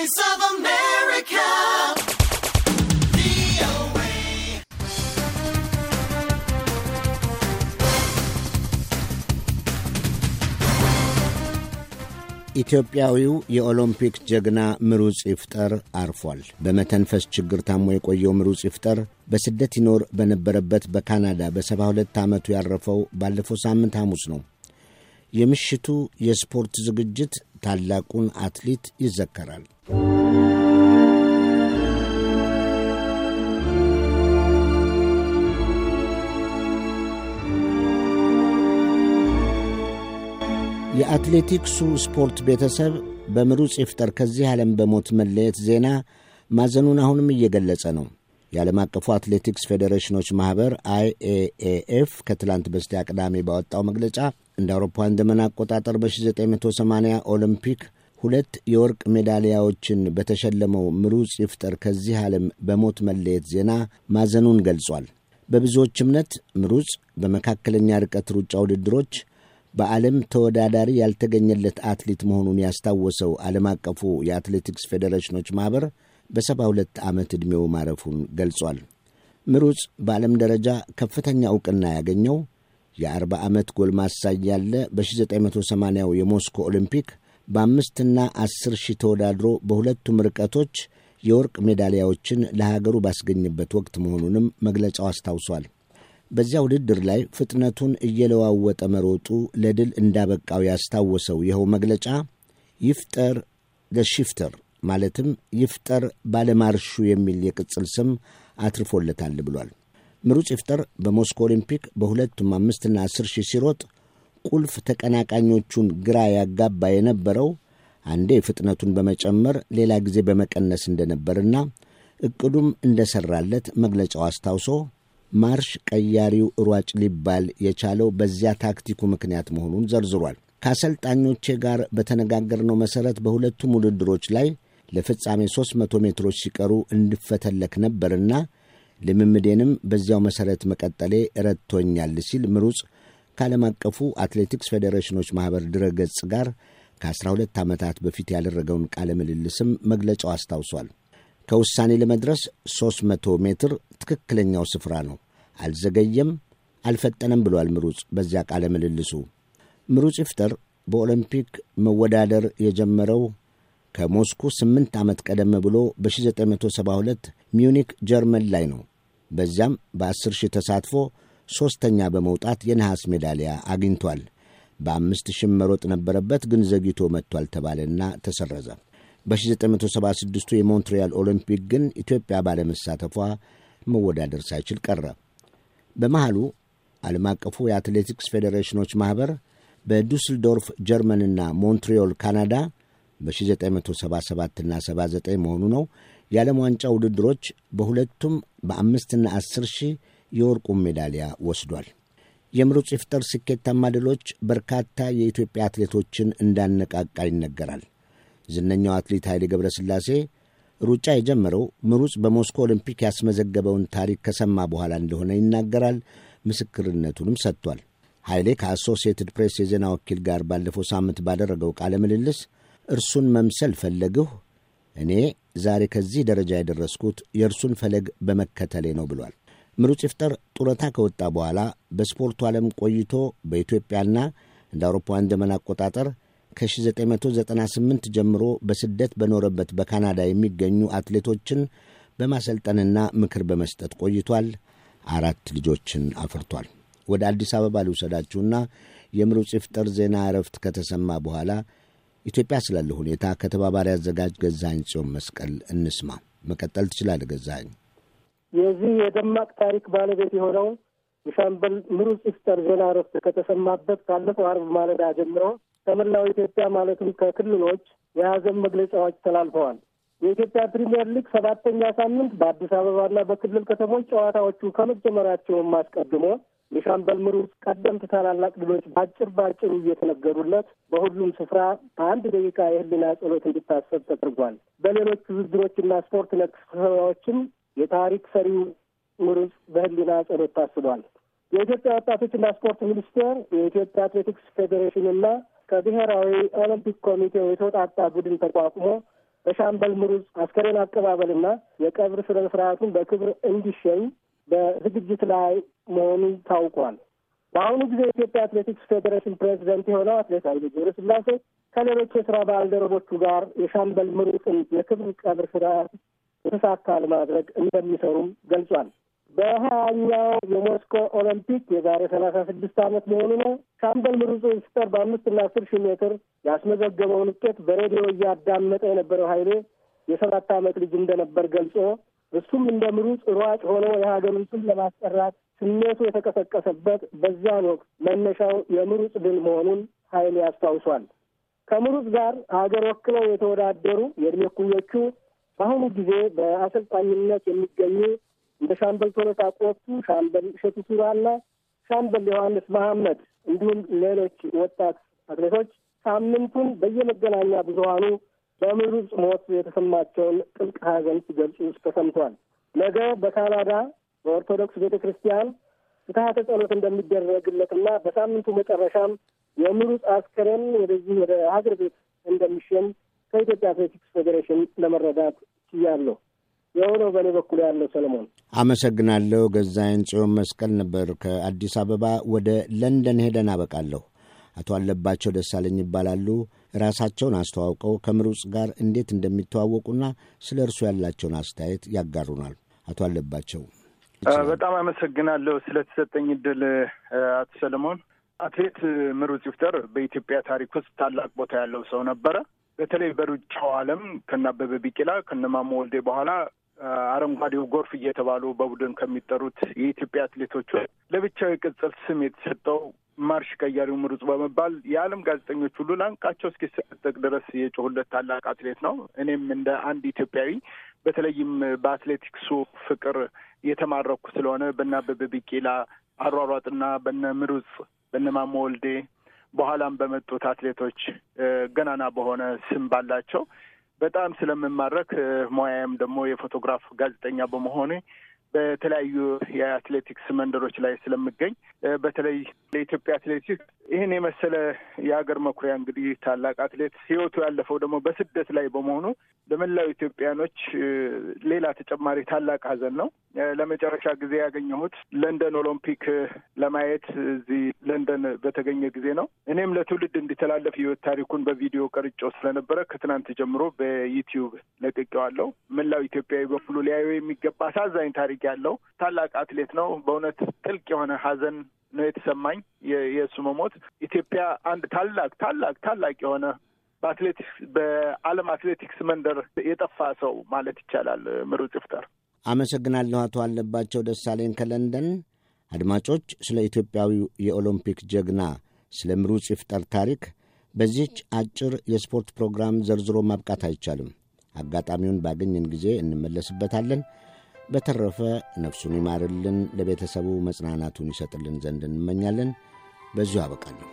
Voice of America. ኢትዮጵያዊው የኦሎምፒክ ጀግና ምሩጽ ይፍጠር አርፏል። በመተንፈስ ችግር ታሞ የቆየው ምሩጽ ይፍጠር በስደት ይኖር በነበረበት በካናዳ በሰባ ሁለት ዓመቱ ያረፈው ባለፈው ሳምንት ሐሙስ ነው። የምሽቱ የስፖርት ዝግጅት ታላቁን አትሌት ይዘከራል። የአትሌቲክሱ ስፖርት ቤተሰብ በምሩጽ ይፍጠር ከዚህ ዓለም በሞት መለየት ዜና ማዘኑን አሁንም እየገለጸ ነው። የዓለም አቀፉ አትሌቲክስ ፌዴሬሽኖች ማኅበር አይኤኤኤፍ ከትላንት በስቲያ ቅዳሜ ባወጣው መግለጫ እንደ አውሮፓውያን ዘመን አቆጣጠር በ1980 ኦሎምፒክ ሁለት የወርቅ ሜዳሊያዎችን በተሸለመው ምሩጽ ይፍጠር ከዚህ ዓለም በሞት መለየት ዜና ማዘኑን ገልጿል። በብዙዎች እምነት ምሩጽ በመካከለኛ ርቀት ሩጫ ውድድሮች በዓለም ተወዳዳሪ ያልተገኘለት አትሌት መሆኑን ያስታወሰው ዓለም አቀፉ የአትሌቲክስ ፌዴሬሽኖች ማኅበር በሰባ ሁለት ዓመት ዕድሜው ማረፉን ገልጿል። ምሩጽ በዓለም ደረጃ ከፍተኛ ዕውቅና ያገኘው የአርባ ዓመት ጎልማሳ እያለ በ1980ው የሞስኮ ኦሊምፒክ በአምስትና አስር ሺህ ተወዳድሮ በሁለቱም ርቀቶች የወርቅ ሜዳሊያዎችን ለሀገሩ ባስገኝበት ወቅት መሆኑንም መግለጫው አስታውሷል። በዚያ ውድድር ላይ ፍጥነቱን እየለዋወጠ መሮጡ ለድል እንዳበቃው ያስታወሰው ይኸው መግለጫ ይፍጠር ደሽፍተር ማለትም ይፍጠር ባለማርሹ የሚል የቅጽል ስም አትርፎለታል ብሏል። ምሩጽ ይፍጠር በሞስኮ ኦሊምፒክ በሁለቱም አምስትና አስር ሺህ ሲሮጥ ቁልፍ ተቀናቃኞቹን ግራ ያጋባ የነበረው አንዴ ፍጥነቱን በመጨመር ሌላ ጊዜ በመቀነስ እንደነበርና እቅዱም እንደሰራለት መግለጫው አስታውሶ ማርሽ ቀያሪው ሯጭ ሊባል የቻለው በዚያ ታክቲኩ ምክንያት መሆኑን ዘርዝሯል። ከአሰልጣኞቼ ጋር በተነጋገርነው መሠረት በሁለቱም ውድድሮች ላይ ለፍጻሜ 300 ሜትሮች ሲቀሩ እንድፈተለክ ነበርና ልምምዴንም በዚያው መሠረት መቀጠሌ ረድቶኛል ሲል ምሩጽ ከዓለም አቀፉ አትሌቲክስ ፌዴሬሽኖች ማኅበር ድረገጽ ጋር ከ12 ዓመታት በፊት ያደረገውን ቃለ ምልልስም መግለጫው አስታውሷል። ከውሳኔ ለመድረስ 300 ሜትር ትክክለኛው ስፍራ ነው። አልዘገየም፣ አልፈጠነም ብሏል ምሩጽ በዚያ ቃለ ምልልሱ። ምሩጽ ይፍጠር በኦሎምፒክ መወዳደር የጀመረው ከሞስኩ ስምንት ዓመት ቀደም ብሎ በ1972 ሚዩኒክ ጀርመን ላይ ነው። በዚያም በ10 ሺህ ተሳትፎ ሦስተኛ በመውጣት የነሐስ ሜዳሊያ አግኝቷል። በአምስት ሺህ መሮጥ ነበረበት ግን ዘግይቶ መጥቷል ተባለና ተሰረዘ። በ1976ቱ የሞንትሪያል ኦሎምፒክ ግን ኢትዮጵያ ባለመሳተፏ መወዳደር ሳይችል ቀረ። በመሃሉ ዓለም አቀፉ የአትሌቲክስ ፌዴሬሽኖች ማኅበር በዱስልዶርፍ ጀርመንና ሞንትሪዮል ካናዳ በ1977ና 79 መሆኑ ነው የዓለም ዋንጫ ውድድሮች በሁለቱም በአምስትና አስር ሺህ የወርቁ ሜዳሊያ ወስዷል። የምሩጽ ይፍጠር ስኬታማ ድሎች በርካታ የኢትዮጵያ አትሌቶችን እንዳነቃቃ ይነገራል። ዝነኛው አትሌት ኃይሌ ሥላሴ ሩጫ የጀመረው ምሩጽ በሞስኮ ኦሎምፒክ ያስመዘገበውን ታሪክ ከሰማ በኋላ እንደሆነ ይናገራል። ምስክርነቱንም ሰጥቷል። ኃይሌ ከአሶሲየትድ ፕሬስ የዜና ወኪል ጋር ባለፈው ሳምንት ባደረገው ቃለ ምልልስ እርሱን መምሰል ፈለግሁ፣ እኔ ዛሬ ከዚህ ደረጃ የደረስኩት የእርሱን ፈለግ በመከተሌ ነው ብሏል። ምሩጽ ይፍጠር ጡረታ ከወጣ በኋላ በስፖርቱ ዓለም ቆይቶ በኢትዮጵያና እንደ አውሮፓውያን ዘመን አቆጣጠር ከ1998 ጀምሮ በስደት በኖረበት በካናዳ የሚገኙ አትሌቶችን በማሰልጠንና ምክር በመስጠት ቆይቷል። አራት ልጆችን አፍርቷል። ወደ አዲስ አበባ ልውሰዳችሁና የምሩጽ ይፍጠር ዜና እረፍት ከተሰማ በኋላ ኢትዮጵያ ስላለ ሁኔታ ከተባባሪ አዘጋጅ ገዛኝ ጽዮን መስቀል እንስማ። መቀጠል ትችላለህ ገዛኝ። የዚህ የደማቅ ታሪክ ባለቤት የሆነው የሻምበል ምሩጽ ይፍጠር ዜና እረፍት ከተሰማበት ካለፈው አርብ ማለዳ ጀምረው ከመላው ኢትዮጵያ ማለትም ከክልሎች የሀዘን መግለጫዎች ተላልፈዋል። የኢትዮጵያ ፕሪምየር ሊግ ሰባተኛ ሳምንት በአዲስ አበባና በክልል ከተሞች ጨዋታዎቹ ከመጀመሪያቸውም አስቀድሞ የሻምበል ምሩጽ ቀደምት ታላላቅ ድሎች በአጭር በአጭሩ እየተነገሩለት በሁሉም ስፍራ በአንድ ደቂቃ የህሊና ጸሎት እንዲታሰብ ተደርጓል። በሌሎች ውድድሮችና ስፖርት ነክ ስብሰባዎችም የታሪክ ሰሪው ምሩጽ በህሊና ጸሎት ታስቧል። የኢትዮጵያ ወጣቶችና ስፖርት ሚኒስቴር፣ የኢትዮጵያ አትሌቲክስ ፌዴሬሽንና ከብሔራዊ ኦሎምፒክ ኮሚቴው የተውጣጣ ቡድን ተቋቁሞ በሻምበል ምሩጽ አስከሬን አቀባበልና የቀብር ስነ ስርዓቱን በክብር እንዲሸኝ በዝግጅት ላይ መሆኑ ታውቋል። በአሁኑ ጊዜ የኢትዮጵያ አትሌቲክስ ፌዴሬሽን ፕሬዚደንት የሆነው አትሌት ኃይሌ ገብረስላሴ ከሌሎች የስራ ባልደረቦቹ ጋር የሻምበል ምሩጽን የክብር ቀብር ስርዓት የተሳካ ለማድረግ እንደሚሰሩም ገልጿል። በሀያኛው የሞስኮ ኦሎምፒክ የዛሬ ሰላሳ ስድስት ዓመት መሆኑ ነው። ሻምበል ምሩጽ ይፍጠር በአምስት እና አስር ሺህ ሜትር ያስመዘገበውን ውጤት በሬዲዮ እያዳመጠ የነበረው ኃይሌ የሰባት ዓመት ልጅ እንደነበር ገልጾ እሱም እንደ ምሩጽ ሯጭ ሆኖ የሀገሩን ስም ለማስጠራት ስሜቱ የተቀሰቀሰበት በዚያን ወቅት መነሻው የምሩጽ ድል መሆኑን ኃይሌ ያስታውሷል። ከምሩጽ ጋር ሀገር ወክለው የተወዳደሩ የእድሜ እኩዮቹ በአሁኑ ጊዜ በአሰልጣኝነት የሚገኙ እንደ ሻምበል ቶሎታ ቆፍቱ፣ ሻምበል እሸቱ ሱራና ሻምበል ዮሐንስ መሐመድ እንዲሁም ሌሎች ወጣት አትሌቶች ሳምንቱን በየመገናኛ ብዙሀኑ በምሩጽ ሞት የተሰማቸውን ጥልቅ ሐዘን ሲገልጹ ተሰምቷል። ነገ በካናዳ በኦርቶዶክስ ቤተ ክርስቲያን ፍትሐተ ጸሎት እንደሚደረግለትና በሳምንቱ መጨረሻም የምሩጽ አስከሬን ወደዚህ ወደ ሀገር ቤት እንደሚሸኝ ከኢትዮጵያ አትሌቲክስ ፌዴሬሽን ለመረዳት ችያለሁ። የሆነው በእኔ በኩል ያለው ሰለሞን አመሰግናለሁ። ገዛይን ጽዮን መስቀል ነበር ከአዲስ አበባ። ወደ ለንደን ሄደን አበቃለሁ። አቶ አለባቸው ደሳለኝ ይባላሉ። ራሳቸውን አስተዋውቀው ከምሩጽ ጋር እንዴት እንደሚተዋወቁና ስለ እርሱ ያላቸውን አስተያየት ያጋሩናል። አቶ አለባቸው በጣም አመሰግናለሁ ስለተሰጠኝ እድል አቶ ሰለሞን። አትሌት ምሩጽ ይፍጠር በኢትዮጵያ ታሪክ ውስጥ ታላቅ ቦታ ያለው ሰው ነበረ። በተለይ በሩጫው ዓለም ከነ አበበ ቢቂላ ከነ ማሞ ወልዴ በኋላ አረንጓዴው ጎርፍ እየተባሉ በቡድን ከሚጠሩት የኢትዮጵያ አትሌቶች ለብቻው የቅጽል ስም የተሰጠው ማርሽ ቀያሪው ምሩጽ በመባል የዓለም ጋዜጠኞች ሁሉ ላንቃቸው እስኪሰጠቅ ድረስ የጮሁለት ታላቅ አትሌት ነው። እኔም እንደ አንድ ኢትዮጵያዊ በተለይም በአትሌቲክሱ ፍቅር የተማረኩ ስለሆነ በነ አበበ ቢቂላ አሯሯጥና በነ ምሩጽ በነ ማሞ ወልዴ በኋላም በመጡት አትሌቶች ገናና በሆነ ስም ባላቸው በጣም ስለምማረክ ሙያም ደግሞ የፎቶግራፍ ጋዜጠኛ በመሆኔ በተለያዩ የአትሌቲክስ መንደሮች ላይ ስለምገኝ በተለይ ለኢትዮጵያ አትሌቲክስ ይህን የመሰለ የሀገር መኩሪያ እንግዲህ ታላቅ አትሌት ህይወቱ ያለፈው ደግሞ በስደት ላይ በመሆኑ ለመላው ኢትዮጵያኖች ሌላ ተጨማሪ ታላቅ ሀዘን ነው። ለመጨረሻ ጊዜ ያገኘሁት ለንደን ኦሎምፒክ ለማየት እዚህ ለንደን በተገኘ ጊዜ ነው። እኔም ለትውልድ እንዲተላለፍ ህይወት ታሪኩን በቪዲዮ ቀርጬው ስለነበረ ከትናንት ጀምሮ በዩቲዩብ ለቅቄዋለሁ። መላው ኢትዮጵያዊ በሙሉ ሊያዩ የሚገባ አሳዛኝ ታሪክ ያለው ታላቅ አትሌት ነው። በእውነት ጥልቅ የሆነ ሀዘን ነው የተሰማኝ። የእሱ መሞት ኢትዮጵያ አንድ ታላቅ ታላቅ ታላቅ የሆነ በአትሌቲክስ በዓለም አትሌቲክስ መንደር የጠፋ ሰው ማለት ይቻላል ምሩጽ ይፍጠር። አመሰግናለሁ አቶ አለባቸው ደሳለኝ ከለንደን። አድማጮች ስለ ኢትዮጵያዊው የኦሎምፒክ ጀግና ስለ ምሩጽ ይፍጠር ታሪክ በዚህች አጭር የስፖርት ፕሮግራም ዘርዝሮ ማብቃት አይቻልም። አጋጣሚውን ባገኘን ጊዜ እንመለስበታለን። በተረፈ ነፍሱን ይማርልን፣ ለቤተሰቡ መጽናናቱን ይሰጥልን ዘንድ እንመኛለን። በዚሁ አበቃለሁ።